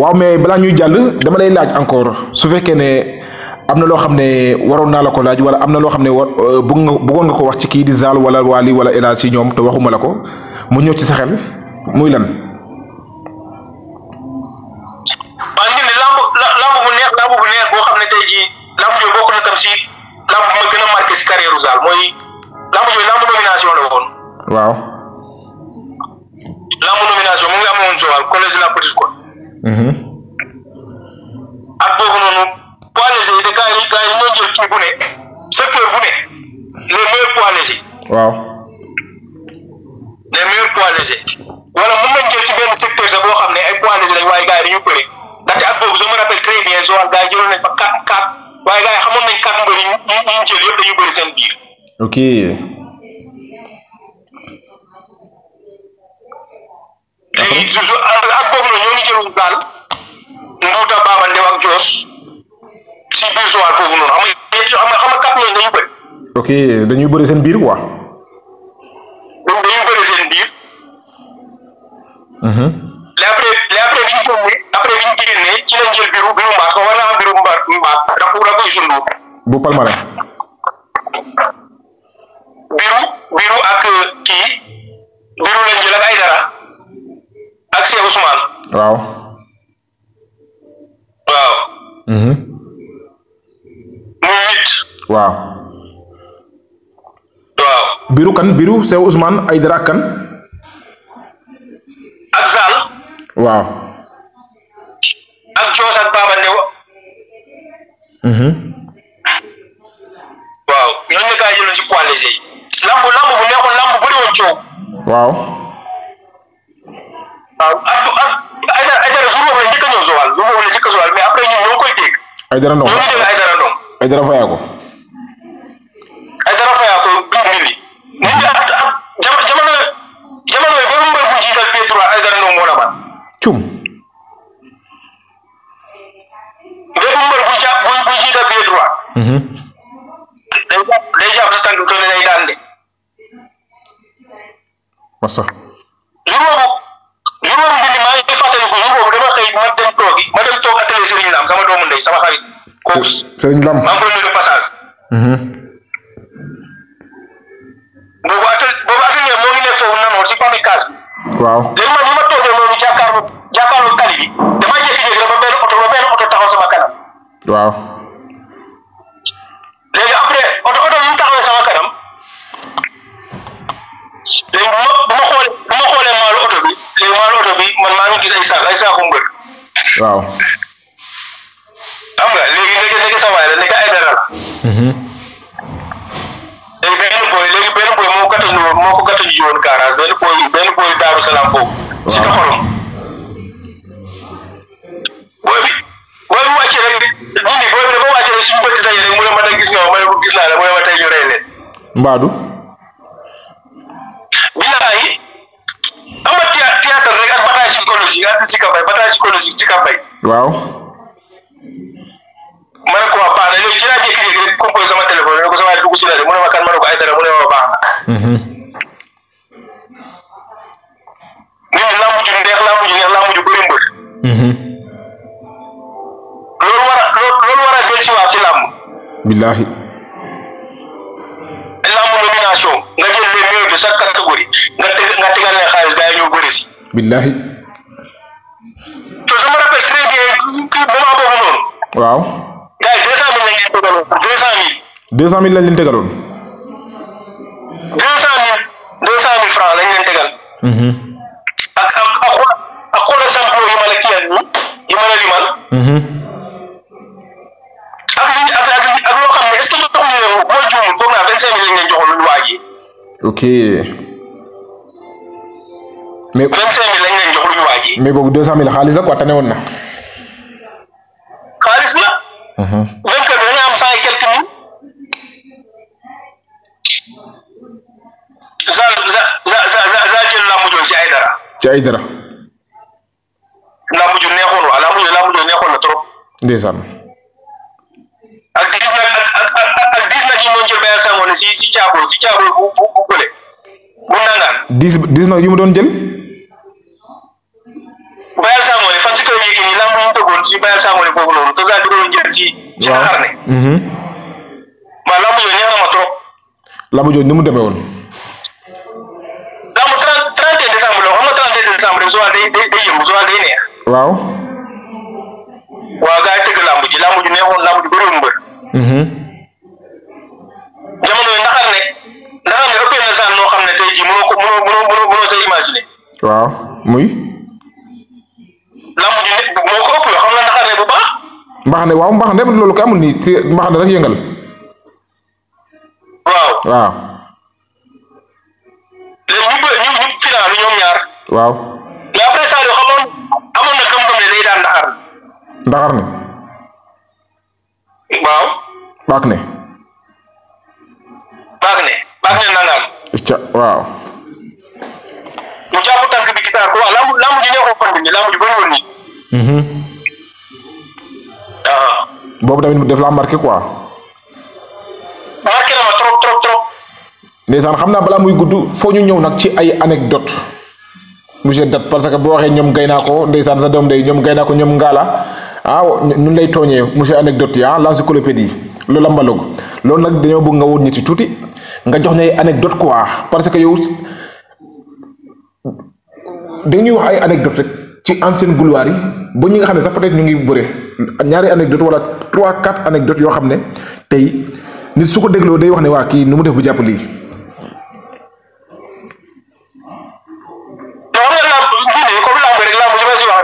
waaw mais balaa ñuy jàll dama lay laaj encore su fekkee ne am na loo xam ne waroon naa la ko laaj wala am na loo xam ne war euh, bëgg nga bëggoon nga ko wax ci kii di Zal wala Wally wala El si ñoom te waxuma la ko mu ñëw ci sa muy lan. waaw ñun xam ne tey jii lamb yooyu bokk a marqué nomination la woon. waaw. lamb nomination mu ngi amoon Joal collège de la Petite Côte. Mm-hmm. at boobu noonu poids léger yi gars yi gars yi ñoo jël kii bu ne secteur bu ne les meilleurs poids légers. waaw les meilleurs poids légers si benn secteur sax boo xam ne ay poids légers lañ waaye gars yi dañu bëri ndaxte at boobu je me rappelle très bien Joal gars yi jëloon nañ fa quatre quatre waaye gars yi xamoon nañ quatre mbër yi ñu ñu jël yëpp dañu bëri jusu dañu bëri. ok dañuy bëri seen biir quoi. donc bëri seen biir. mais mhm. après mais après bi ñu génnee après bi ñu génnee ci jël biiru ko bu rafet bu biiru biiru ak ki biiru lañu jël ak ay dara. ak Cheikh Ousmane. waaw. waaw. Mhm. muy huit. waaw. waaw. biiru kan biiru Cheikh Ousmane Aïdara ak kan. ak Sall. waaw. ak Coos ak Baba Ndew. Mhm. waaw ñooñu la gaa jëloon ci poids léger yi. lamb lamb bu neexoon lamb bu bëri woon coow. waaw. waaw Abdou Aïdara Aïdara jour boobu la njëkk a a après ñun koy dégg. Aïdara Ndong ñoo ngi dégg Aïdara Ndong. Aïdara Fayaako. Aïdara Fayaako biir mbir mi. nit ñi ak mu mbër bu jiital pied droit Aïdara Ndong moo la man. cum. bépp mbër bu jàpp bu bu jiital pied mhm. day jàpp day jàpp sa masa. jour jour boobu bind maa ngi fàttaliku jour boobu dama xëy ma dem toogi ma dem toog atelier Serigne Lam sama doomu ndey sama xarit kooku. Serigne Lam maa ngi koy nuyu de passage. Mhm. boobu atel boobu atelier moo ngi nekk foofu nanoor si pami kaas waaw léegi man bi ma toogee noonu jàkkaarloo jàkkaarloo tali bi damaa jékki-jékki rek ba benn oto ba benn oto taxaw sama kanam. waaw. gis ay ay saako mbër. waaw. xam nga léegi léegi léegi sa waay la nekk ay dara la. Mhm. léegi benn booy léegi benn booy moo ko moo ko gàttañu ji benn booy benn booy daaru salaam foofu. waaw si doxalum. booy bi booy bi wàcce rek ñu bi dafa wàcce rek suñu bëtt daje rek mu ne ma tey naa la mu ne ma tey ñu rey bataille psychologique ànd si Kambay bataille psychologique ci Kambay. waaw. ma ne baax na léegi ci laa jékki-jékki rek composé sama téléphone ne sama dugg si la de mu ne ma kan ma ay dara mu ne ma baax na. ñooñu mhm. laa mujj ndeex laa mujj neex laa mujj bëri mbër. Mhm. loolu war a loolu loolu war a jël si waat ci làmb. billahi. làmb nomination nga jël les meilleurs de chaque catégorie nga teg nga tegal leen xaalis gars ñoo bëri si. billahi te je me rappelle très bien moment boobu noonu. waaw. gars yi deux cent mille lañ leen tegaloon deux cent mille. deux cent mille deux cent mille deux cent mille franc lañ leen tegal. Mhm. ak ak ak xool la kii yi la limal. Mhm. li ak ak ak loo xam ne est ce que joxuñu boo juumul foog naa vingt cinq mille ok. mais 25000 lañ leen jox lu ñu waajee. mais boobu 200000 xaalis la quoi tane woon na. xaalis la. 24 da nga am cent et quelques mille. za za za za za jël làmb jooju ci ay dara. ci ay dara. làmb ju neexoon waa làmb ju làmb ju neexoon na trop. ndeysaan. ak dix nag ak ak ak dix nag yi ñu doon jël benn sangoon si si caaboo si caaboo bu bu bu bu nangaan. dix dix nag yi mu doon jël. Bayal Sangoné fan si kaw léegi nii lamb Bayal Sangoné foofu noonu te sax di jël ci. ci xar ne. Mhm. waaw lamb yooyu neex ma trop. ni mu demee woon. lamb trente trente et un décembre la xam nga day day day day neex. waaw. waaw gars yi tëgg lamb ji lamb ju neexoon lamb ju bëriwul mbër. Mhm. yi ndaxar ne ndaxar ne ëppee na saan noo xam ne tey jii mënoo ko mënoo mënoo mënoo mënoo sa imaginer. waaw muy. lamb ji nit moo ko ëpp yoo xam na naxaree bu baax. mbaax waaw mbaax loolu ko amul nii ci mbaax ne waaw waaw. léegi ñu bëri ñu ñu final ñoom ñaar. waaw. mais après saa yoo xamoon amoon na gëm-gëm ne day daan ndaxar. ndaxar ne. waaw. baak ne. baak ne baak ne ca waaw. mu jàpp tànk bi gisaar ko waaw lamb lamb ji ñoo ko kon bi lamb ji bëri woon Mhm. Ah. boobu tamit def la marqué quoi. marqué na ma trop ndeysaan xam na balaa muy gudd foo ñu ñëw nag ci ay anecdote monsieur Dat parce que boo waxee ñoom gay naa ko ndeysaan sa doom day ñoom gay naa ko ñoom ngaala ah ñun lay tooñee monsieur anecdote yi ah l'encyclopédie lu lambaloog loolu nag dañoo bëgg nga woon ñi ci tuuti nga jox ñu ay anecdote quoi parce que yow dañuy wax ay anecdote rek. ci ancienne gloire bu ñi nga xamné sax peut-être ñu ngi bëre ñaari anecdote wala 3 4 anecdote yo xamné tay nit suko ko déglo day wax né wa ki nu mu def bu japp li Wow.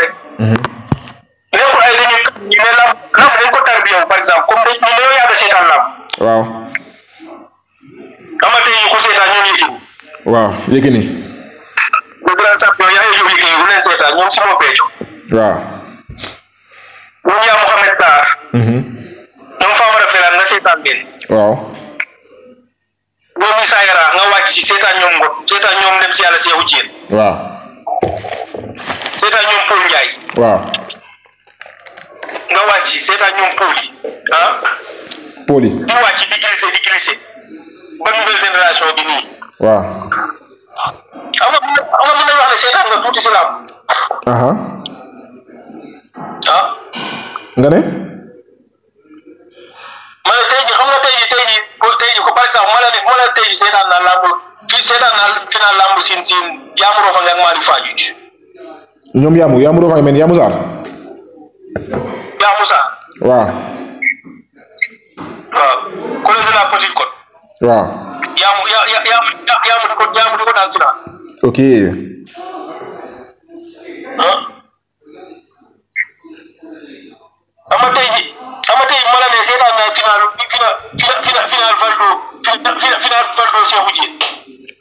Mhm. Wow. champion yaa ngi jóg liggéey bu leen seetaan ñoom Simon Béthio. waaw. ñoom yaa Mouhamed Sarr. ñoom mhm. Famara Ferran nga seetaan leen. waaw. ñoom Issa Yara nga wàcc si seetaan ñoom Mbot seetaan ñoom dem si yàlla Seexu Jéen. waaw. seetaan ñoom Paul Ndiaye. waaw. nga wàcc seetaan ñoom Paul yi ah. Paul yi di wàcc di glissé di glissé ba nouvelle génération bi nii. waaw. xam nga mën nañu wax ne seetaan nga tuuti si laam. ah. nga ne. ma ne tey jii xam nga tey jii tey jii ko par exemple ma la ne ma la tey jii seetaan naa làmb fii seetaan naa final làmb siin siin Yamou Rofagne ak Malick Fadiouth. ñoom Yamou Yamou Rofagne men Yamou Sarr. Yamou Sarr. waaw. waaw collège de la Petite Côte. waaw. yaamu ya ya yaamu yaamu di ko yaamu di ko daal sida. ok. ah. xam nga tey jii xam nga tey ma la ne seetaan naa final final final final Valdo final final Valdo Cheikhou Dieng.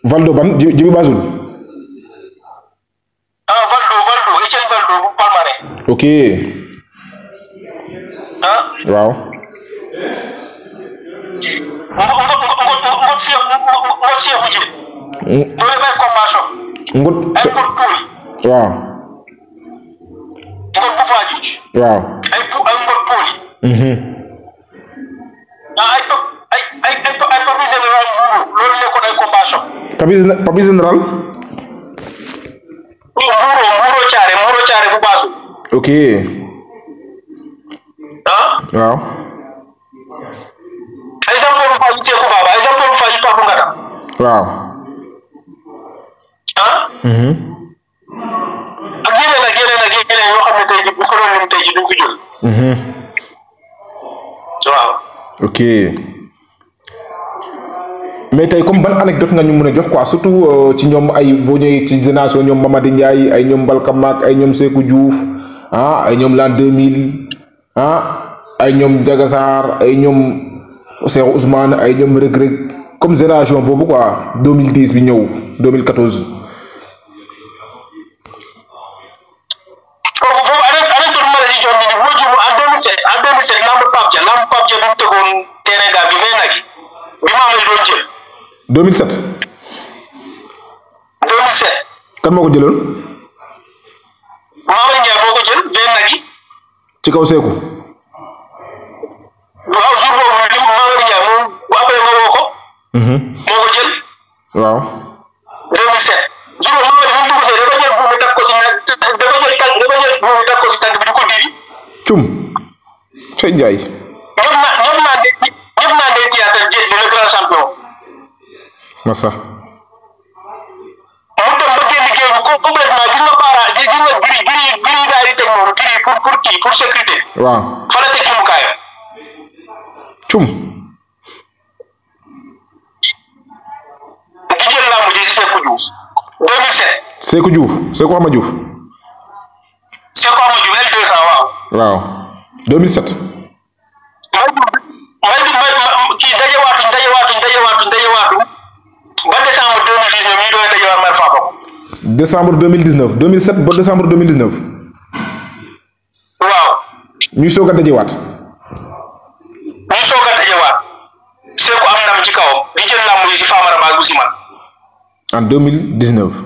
Valdo ban Djibi Bazoum. ah Valdo Valdo Etienne Valdo bu Palmarin. ok. ah. waaw. dossier bu jël. loolu mooy convention. ngut ay pour tuuli. waaw. ngot bu waaw ay ngot tuuli. Mhm. ah ay pa ay ay ay ay papier ay convention. papier général. buuru buuru caare buuru caare bu baasu. ah. waaw. exemple bu faa ju Seeku Baaba exemple bu faa ju waaw. ah. Mm-hmm. ak yeneen ak yeneen ak yeneen yoo xam ne tey jii bu ko doon lim tey jii duñ ko jël. Mm-hmm. waaw. ok mais tey comme ban anecdote nga ñu mën a jox quoi surtout euh, ci ñoom ay boo ñëwee ci génération ñoom Mamadi Ndiaye ay ñoom Mbalka Maak ay ñoom Seeku Diouf ah ay ñoom l'an 2000 ah ay ñoom Jaga Sarr ay ñoom Cheikh Ousmane ay ñoom Reug Reug. comme génération boobu quoi 2010 bi ñëw 2014. foofu foofu la si jox nii bu bi mu tegoon ko jëloon. Maama Ndiaye moo ko jël vingt nag ci kaw boobu li Maama Ndiaye moom Mhm. moo ko jël. waaw. 2007 juróom moom it mu dugg see dafa jël buubu takk ko si nag dafa jël tànk dafa jël buubu takk ko si tànk bi du ko diri. cum. sëñ Ndiaye. ñoom naa ñoom naa de ci ñoom naa de ci yaatal jël bi le grand champion. masa. mu dem ba génn géew bi complètement gis nga baara gis nga giri giri giri daal di teg noonu giri pour pour kii pour sécurité. waaw fa la teg cumukaayam. cum. laa mujjee si Seeku Diouf 2007. Seeku Diouf Seeku Ama Diouf. Seeku Ama Diouf L200 waaw. waaw 2007. may may may kii dajewaatuñ dajewaatuñ dajewaatuñ dajewaatuñ ba décembre 2019 ñu doon dajewaat Mar Fafam. décembre 2019 2007 ba décembre 2019. waaw. ñu soog a dajewaat. ñu soog a dajewaat. Seeku am ndam ci kawam di jël làmb yi si Famara Ba bu si man. en deux mille dix neuf. deux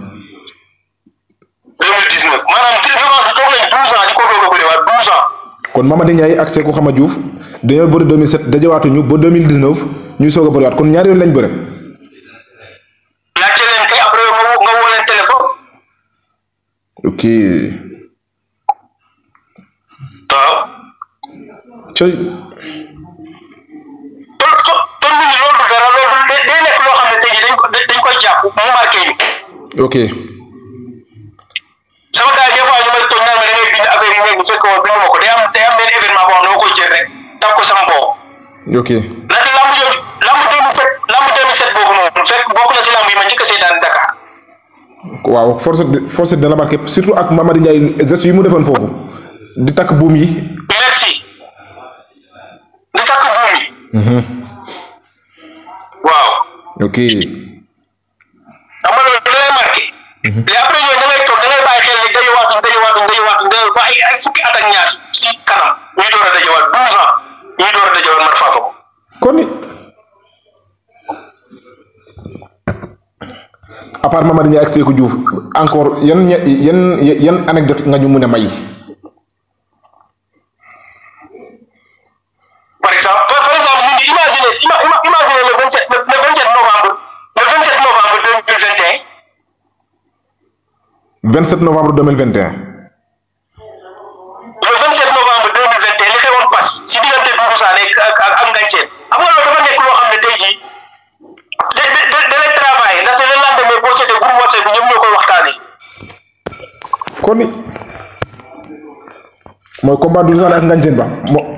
mille dix neuf maanaam revanche bi toog nañ douze ans ko doog a bëriwaat douze ans. kon Mamady Ndiaye ak Sékou Xama a bëriwaat kon ñaari yoon lañ leen kay après nga woo leen téléphone. ok. waaw. koy jàpp mu marqué ñu. ok. sama gars des ñu may tooñ naan ma da bind affaire yi nekk bu fekkee woon bindu day am day am benn événement boo xam ne jël rek taf ko sama bopp. ok ndax lamb yooyu lamb 2007 lamb 2007 boobu noonu fekk bokk na si lamb yi ma njëkk a seetaan Dakar. waaw force force dana marqué surtout ak Mamady Ndiaye geste yi mu defoon foofu di takk buum yi. merci di takk buum yi. Mhm. waaw. ok xam nga da lay marqué les après yooyu da ngay toog da ngay bàyyi xel ni day waatu day waatu day waatu day ba ay fukki at ak ñaar si kanam ñuy door a dajewaat douze ans ñuy door a dajewaat man ko kon à Mamadou Ndiaye ak Sekou Diouf encore anecdote nga ñu may 27 novembre 2021. le 27 novembre 2021 li xewoon pas si diggante Doudou Sané ak ak ak Ngagne Sène xam nga loolu dafa nekk loo xam ne tey jii da da da lay travail ndaxte le lendemain boo seetee groupe WhatsApp bi ñoom ñoo koy waxtaanee. kon ni mooy combat Doudou Sané ak Ngagne ba mo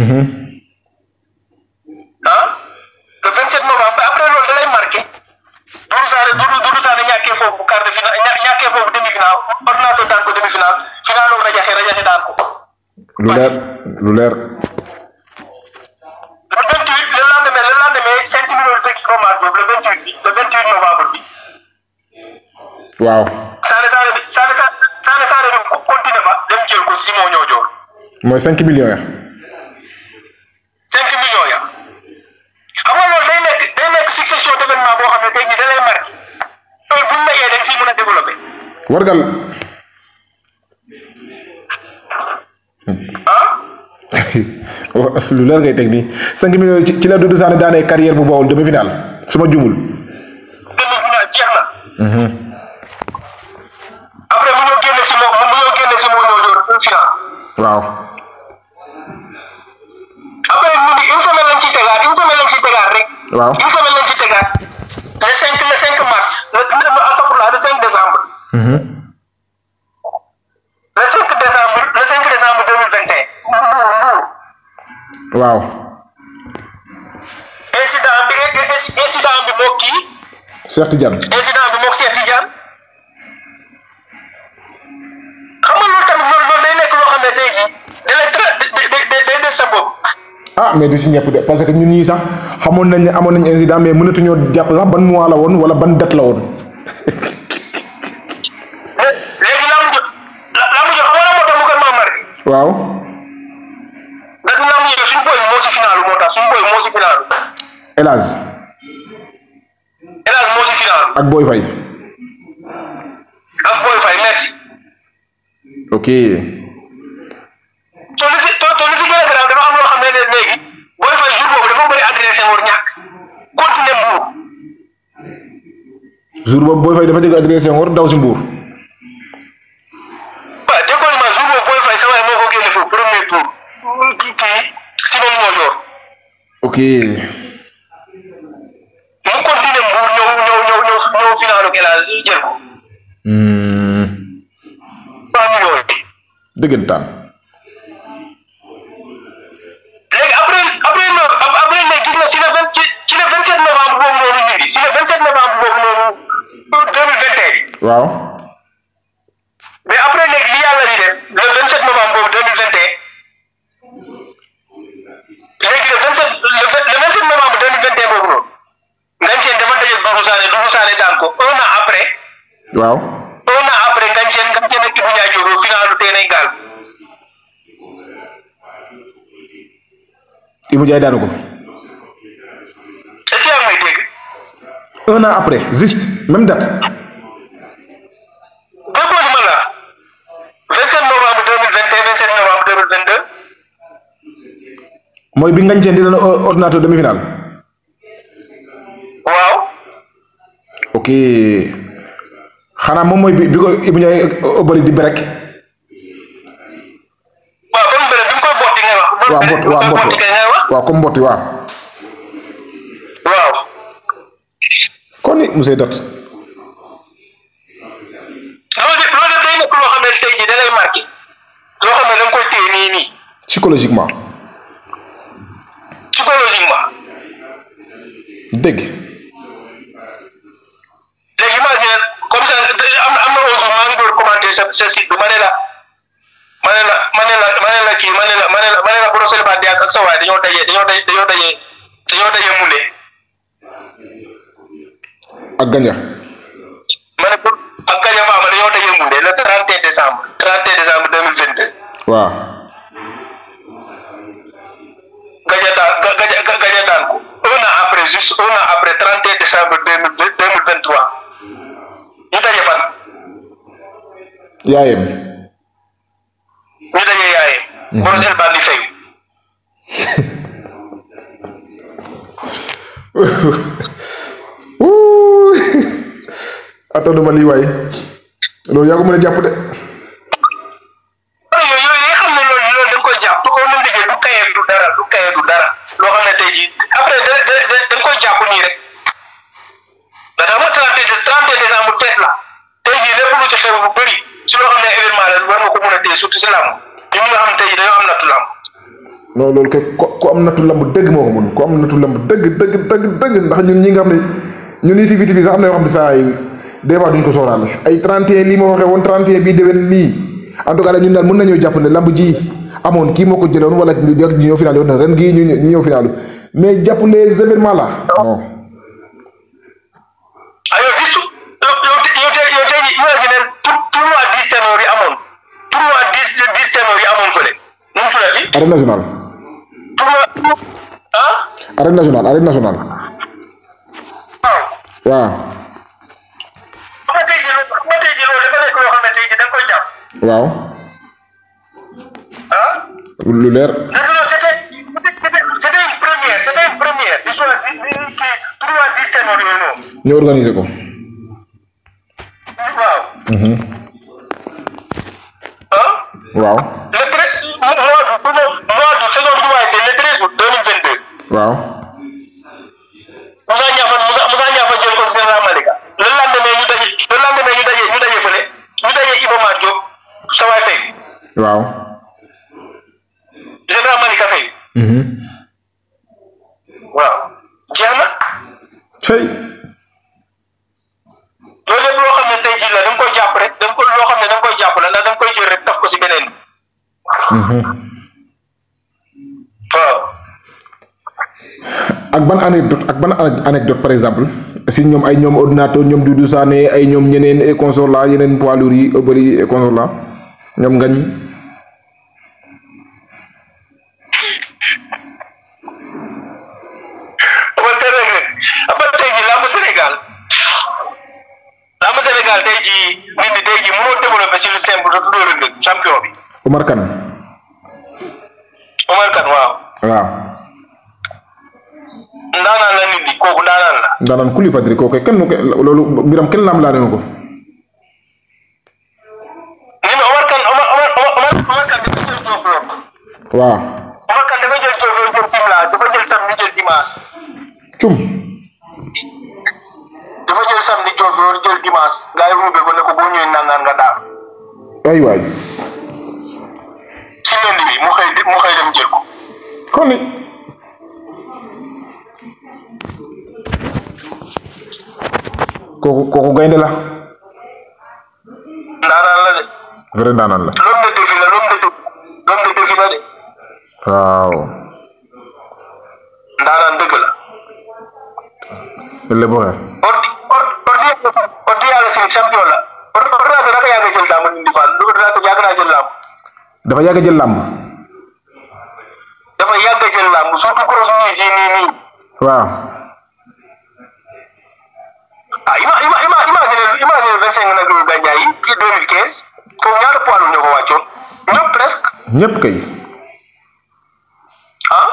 ah le 27 novembre après loolu da lay marqué Doudou Sané Doudou Doudou Sané ñàkkee foofu quart de finale ñàkkee foofu demi finale ordinateur daan ko demi daan lu leer lu leer. le 28 le lendemain le lendemain cinq millions de chômage boobu le 28 bi le 28 novembre bi. waaw. Sané Sané Sané Sané Sané Sané dem continué fa dem jël ko Simon ñoo joor. mooy cinq millions ya. wargal lu leer ngay teg nii ci la Doudou Sané daanee carrière bu bawul demi final su ma jumul. Cheikh Tidiane. incident bi moog Cheikh Tidiane xam nga loolu tamit loolu day nekk loo xam ne day day des ah mais du ci ñëpp de parce que ñun ñii sax xamoon nañ ne amoon nañ incident mais mënatuñoo jàpp sax ban mois la woon wala ban date la woon. léegi laa mujj laa xam nga moo tax mu gën moo si final moo tax suñu boy moo si final. hélas. ak Boy Faye. ak Boy Faye merci. ok. te li si te te si gën a garaaw dafa xam ne léegi Boy Faye jour boobu dafa bëri adressé Senghor ñàkk continué Mbour. jour boobu Boy Faye dafa dégg adressé daw si Mbour. waaw déggoo ma jour boobu Boy Faye sa waay ko génne foofu premier tour kii kii Simon Mojor. ok. wàllu ginaar jël ko. dëggantaan. waaw un an après Ganchen Ganchen ak Ibou Ndiaye finalu teenay gaal Ibou Ndiaye daanu ko est-ce may dégg un an après juste même date déggoo li ma la vingt sept novembre deux mille vingt et un vingt sept novembre deux mille vingt deux bi Ganchen di doon ordinateur demi-finale waaw ok xanaa moom mooy bi bi ko Ibou Ndiaye bëri di berek. waaw ba mu bëri bi mu koy botti ngay wax. waaw mbott waaw waaw comme mbotti waaw. kon ni monsieur Dot. loolu de loolu xam ne tey jii xam ne da koy téye nii psychologiquement. psychologiquement. dégg. léegi imagine am na osu maa ngi doon commenté sa sa site bi ma ne la ma ne la ma ne la ma ne la kii ma ne la ma ne la ma ne la borosel ba ak ak sa waay dañoo daje dañoo daje dañoo daje dañoo daje mu ne. ak ganja. ma ne pour ak ganja faama dañoo daje mu ne le 31 décembre 31 décembre 2022. waaw. ganja daan ganja ganja daan ko un an après juste un an après 31 décembre 2023. yaayam. ñu daje yaayam. Mhm. boros el baa di fayu. attanuma lii waay loolu yaa ko mën jàpp de. tey surtout si làmb ñun ñoo xam tey am nattu làmb. non loolu kay ko ku am nattu lamb dëgg moo ko mun ku am nattu làmb dëgg dëgg dëgg dëgg ndax ñun ñi nga xam ne ñun itiviti bi sax am na yoo xam ne saa yi des duñ ko sóoraale ay 31 lii ma waxee woon 31 bii déwén nii en tout cas dañ ñun daal mën nañoo jàpp ne làmb ji amoon kii moo ko jëloon wala ñu ñëw final yoon ren gii ñu ñu ñëw final mais jàpp les événements là non. arène nationale. ah. arène nationale arène nationale. waaw. ba nga tey jii loolu ba tey jii loolu dafa nekk loo xam ne tey jii da nga koy jàpp. waaw. ah. lu leer. léegi loolu c'était c'était une première c'était une première du soir bi kii tournoi bi seen yooyu noonu. ñu organiser ko. waaw. ah. waaw. mois de saison bi du waaye te le treize août deux mille vingt deux waaw anecdote ak ban anecdote par exemple si ñoom ay ñoom ordinateur ñoom Doudou Sané ay ñoom ñeneen consort la yeneen poids lourds yi bëri consort la ñoom ngañ Sénégal day ji nit ñi day ji mënoo développé si lu simple da tuddoo rek champion bi Omar Khan. Omar Khan, wow. waaw ndaanaan la nit di kooku ndaanaan la. ndaanaan ku li fajri kooku kenn loolu biram kenn laam laa ko. nee ko ne mu xëy mu xëy dem jël ko. kon kooku kooku gaynde la. ndaanaan la de. vrai ndaanaan la. dëgg la. lépp waxee. ordi ordi ordi yàlla suñu champion la. ordinateur dafa yàgg a jël làmb ñu di jël làmb. dafa yàgg jël làmb. dafa yàgg a jël làmb nii nii. waaw. ah ima ima ima imagine imagine vingt cinq nag yu gàncax yi ci deux mille quinze foofu ñaata poids ñoo ko wàccoon ñëpp presque. ñëpp kay. ah.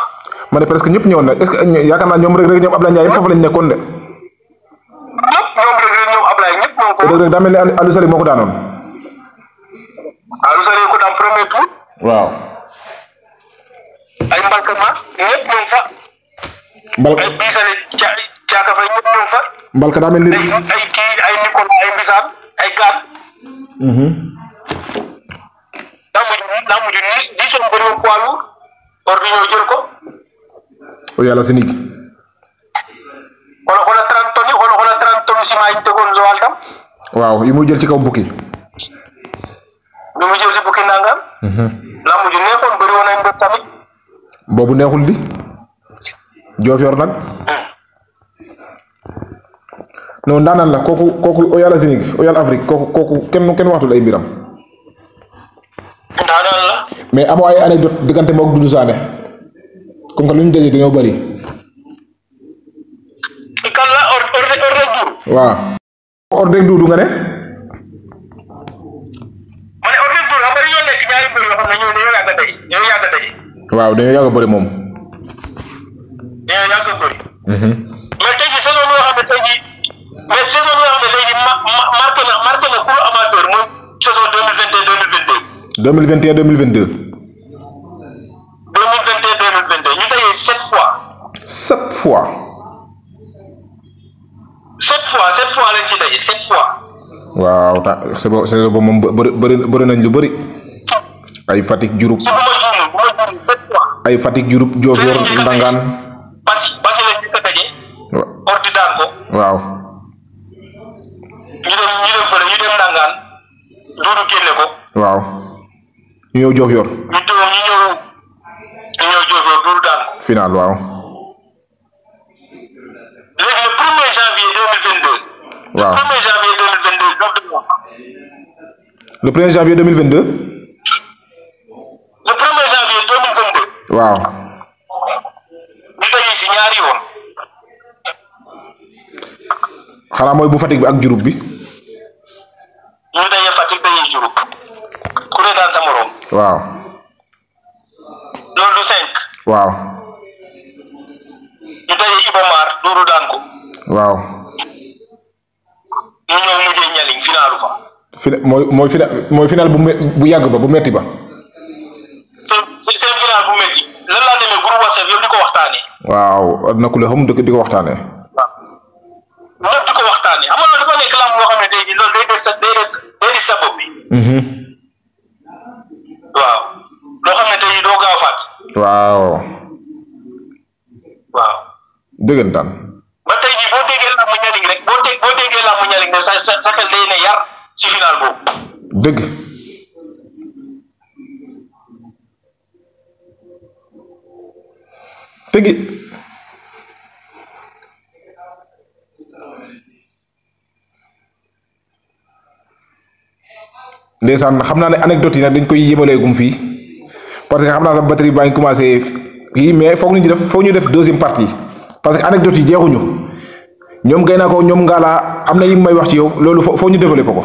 ma ne presque ñëpp ñëwoon na est ce que yaakaar naa ñoom Reug Reug ñoom Ablaye Ndiaye foofu lañ nekkoon de. ñëpp ñoom Reug Reug ñoom Ablaye ñëpp ñoo ko. Reug Reug daa mel ni Aliou Sali moo ko daanoon. Aliou Sali ko daan premier tour. waaw. ay mbalka ma ñëpp ñoom fa. mbalka ay biisale ca. caaka fay fa. mbalka daa mel ay kii ay Nikon ay Mbisaan ay Gaan. Mm-hmm. daa mujj daa mujj diis diisoon bëri woon poids lourd or jël ko. o oh, yàlla si nit. xoolal xoolal trente tonnes yi xoolal xoolal trente tonnes ciment yi ñu tegoon Joal tam. waaw yi muy jël ci kaw bukki. yi muy jël si bukki nangam. daa mm-hmm. mujj neexoon bëri neexul di. Diofior nag. Hmm. non ndaanaan la kooku kooku Oya la Afrique kooku kenn kenn waxtul ay mbiram. ndaanaan mais amoo ay anecdote diggante moog Doudou Sané comme que lu ñu daje dañoo bëri. kan la or or rek waaw. dañoo nekk ñaari moom. dañoo mais saison bi nga xam ne tey marqué na marqué na pour amateur mooy saison 2021 2022. 2021 2022. 2021 2022 ñu dajee sept fois. sept fois. sept fois sept fois lañ ci daje sept fois. waaw ta sa bo sa bo moom bëri bëri bëri nañ lu bëri. ay Fatick Diouroup. si bu ma juumee bu ma juumee sept fois. ay Fatick Diouroup Diofior Ndangaan. parce parce que ñu ko daje. waaw ordi daan ko. waaw. waaw ñu ñëw jof yor. ñu daan ko. waaw. léegi premier janvier deux premier janvier deux premier janvier deux mille premier janvier waaw. xanaa mooy bu Fatick bi ak Diouroup bi. ñu dañuy Fatick dañuy Diouroup. seetaan sa morom. waaw. loolu du daan ko. waaw. mooy mooy bu yàgg ba bu metti ba. seen seen final bu metti lan laa demee groupe WhatsApp yëpp di ko waaw na ku xam dëkk di ko waxtaanee. waaw lépp loolu dafa nekk loolu day des sa day waaw loo xam ne tey doo gaaw fàtt waaw waaw dëggantaan ba tey ji boo déggee làmb ñaling rek boo dégg boo déggee làmb ñaling rek sa sa sa xel day ne yar ci final boobu dëgg dëgg ndeysaan xam naa ne anecdote yi nag dañ koy yëbaleegum fii parce que xam naa sax batterie baa ngi commencé kii mais foog ñu def foog ñu def deuxième partie parce que anecdote yi jeexuñu ñoom gay naa ko ñoom ngaalaa am na yi may wax ci yow loolu foog ñu développé ko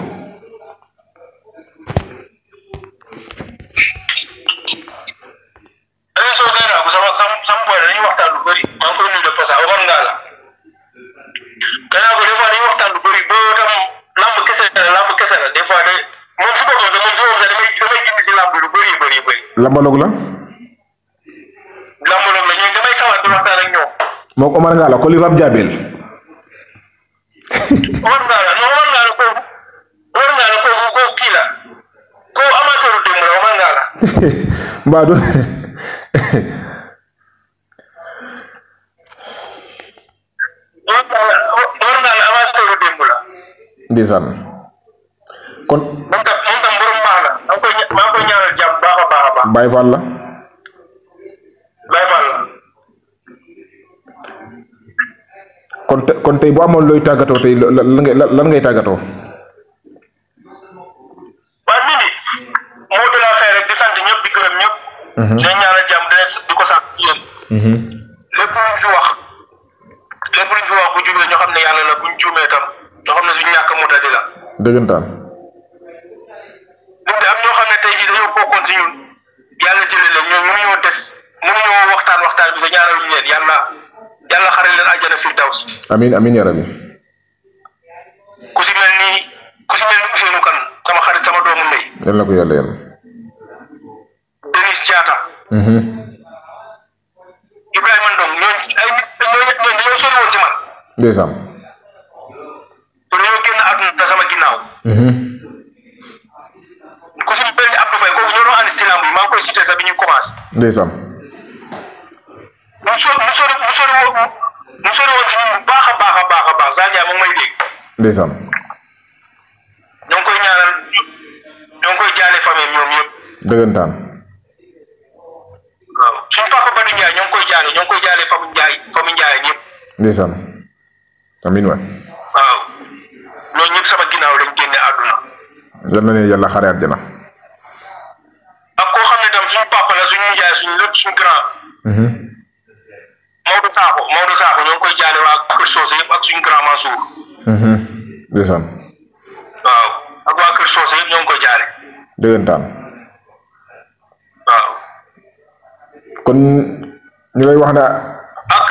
Lambalog la. Lambalog la ñoom damay sawar di waxtaan ak ñoom. moom Omar Ngalla ko li Fap Diabel. Omar Ngalla non Omar Ngalla kooku Omar Ngalla kooku kooku kii la kooku amateuru la mbaa du. Omar Ngalla Omar Ngalla amateuru démb la. ndeysaan kon. Baye Fall la. Baye Fall la. kon te kon tey bu amoon looy tàggatoo tey lan ngay tàggatoo. waaw nit moo de la fay di sant ñëpp di gërëm mhm. leen ñaanal jàmm di di ko sant ci yéen. Mhm. lépp luñ fi wax lépp luñ fi wax bu jubee ñu xam ne yàlla la buñ juumee tam ñu xam ne suñu ñàkk a motali la. dëggantaan. si. amiin amiin yaa ku si mel ni ku si mel ni Ousseynou Kane sama xarit sama doomu ndey. yal na ko yàlla yàlla. Denis Diatta. Mhm. Ibrahima Ndong ñooñu ay nit ñooñu ñoom dañoo sori woon si man. ndeysaan. te dañoo génn àdduna sama mhm. ku si mel ni Abdou Faye kooku ñoo doon si ci làmb maa ngi koy cité sax bi ñuy commencé. ndeysaan. mu sori mu sori mu sori mu sori woon baax a baax a baax a baax Sa moom may dégg. ndeysaan. ñoo koy ñaanal ñoo ngi koy jaale famille ñoom yëpp. dëggantaan. suñu papa Badou Ndiaye ñoo ngi koy jaale ñoo ngi koy jaale famille Ndiaye famille Ndiaye ñëpp. ndeysaan amiin waay. waaw ñooñu ñëpp sama ginnaaw lañ génne àdduna. yal na koo xam ne tam suñu papa suñu nijaay suñu lépp suñu grand. Mhm. Maodo Sakho Maodo Sakho. kër Socé yëpp ak suñu grand Mansour. Mhm. ndeysaan. waaw ak waa kër Socé yëpp ñoo ngi koy jaare. dëggantaan. waaw. kon ñu lay wax ne. ak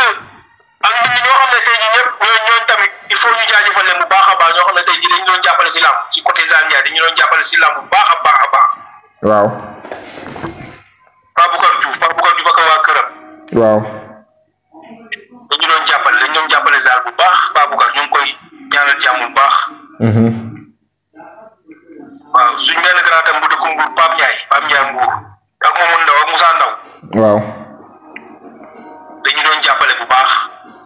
ak ñoo xam ne tey ñu jaajëfal a ne tey jii dañu jàppale si làmb si côté Zambia dañu doon jàppale si làmb bu baax a baax a baax. waaw. Pape Boucar Diouf Pape Boucar Diouf ak waa waaw. dañu doon jàppale. doon jàppale Zal bu baax Baboucar ñu ngi koy ñaanal jàmm bu baax. Mhm. waaw suñ benn garaatam bu dëkk Mbour Pape Ndiaye Pape Ndiaye Mbour ak Momadou Ndaw ak Moussa Ndaw. waaw dañu doon jàppale bu baax.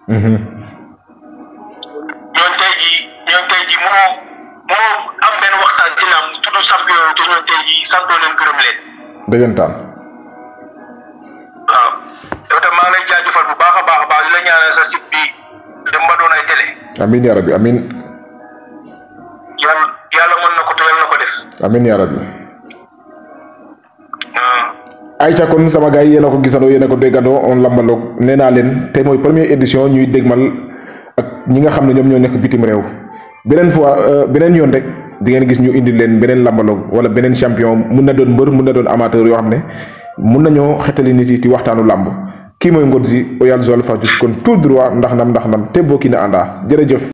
Mhm. ñoom tey jii ñoom tey jii waxtaan ci naam tudd champion te ñoom tey jii sant leen gërëm amin yaa rabbi amin yàlla yàlla mën na ko te na ko def amin yaa rabbi Aïcha kon sama gars yi yéen a ko gisandoo yéen a ko déggandoo on lambaloog nee naa leen tey mooy première édition ñuy dégmal ak ñi nga xam ne ñoom ñoo nekk bitim réew beneen fois euh, beneen yoon rek di ngeen gis ñu indi leen beneen lambaloog wala beneen champion mun na doon mbër mun na doon amateur yoo xam ne mun nañoo xetali nit yi ci waxtaanu làmb kii mooy Ngóor si Oyane Joal Fadiouth kon tout droit ndax nam ndax nam te bokki na àndaa jërëjëf